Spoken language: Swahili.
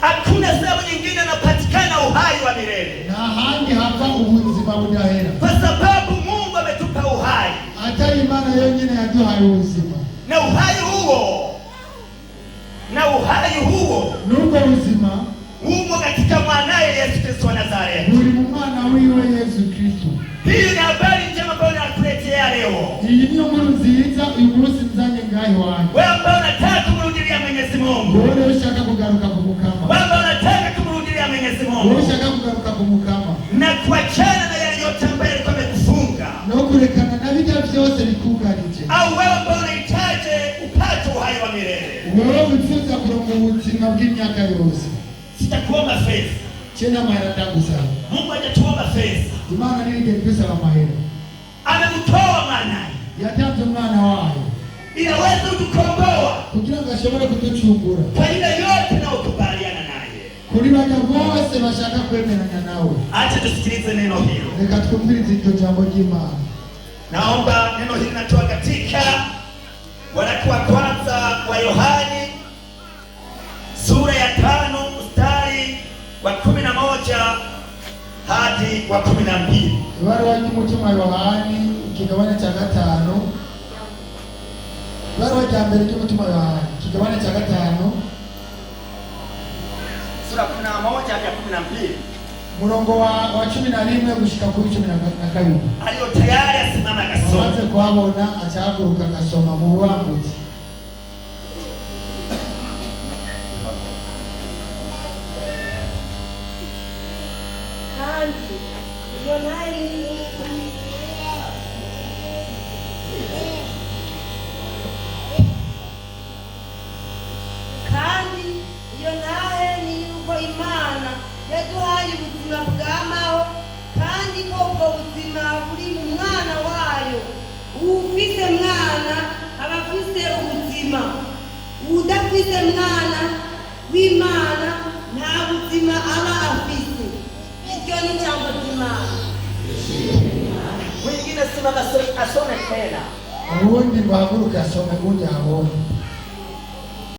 hakuna sababu nyingine anapatikana uhai wa milele na hangi hapa ubuzima budahera, kwa sababu Mungu ametupa uhai atari imana yenyine hayo ubuzima na uhai huo na uhai huo nuko uzima umo katika mwanaye Yesu Kristo wa Nazareti, buri mwana wiwe Yesu Kristo. Hiyo ni habari njema ambayo nakuletea leo. Iyi niyo nkuru nziza uyu munsi nzanye ngahe wewe ambaye unataka kumrudilia Mwenyezi Mungu, wewe ushaka kugaruka kuguka ukamukama na kuachana na yale yote ambayo alikuwa amekufunga no kurekana na bijya byose bikugarije au wewe ambao unahitaji upate uhai wa milele wewe wifuza kuronka ubuzima bw'imyaka yose sitakuomba fedha tena mahera tangu sana Mungu hajatuomba fedha Imana nini ndio pesa la mahera amemtoa mwanaye yatanze mwana wayo ili aweze kutukomboa kugira ngo ashobore kutucungura kwa ile yote na bashaka kwemeranya nawe. Acha tusikilize neno hilo, nikatukumbulize hicho jambo jema. Naomba neno hili natoa katika waraka wa kwanza wa Yohani sura ya tano mstari wa kumi na moja hadi wa kumi na mbili. Ibaruwa y'umutima Yohani kigabane cha gatanu, ibaruwa ya mbere y'umutima Yohani kigabane cha gatanu sura kumi na moja hadi kumi na mbili wa cumi na rimwe gushika kuri cumi na kabiri aliyo tayari asimama akasoma amaze kuhabona acahaguruka agasoma mu kandi iyo nayo yo duhaye ubuzima bwa kandi ko ubwo buri mu mwana wayo ufite mwana aba afite ubuzima udafite mwana w'imana nta buzima aba afite bityo ni jambo ry'imana mwingine simama asome tena ubundi mpaguruke asome ubundi abonye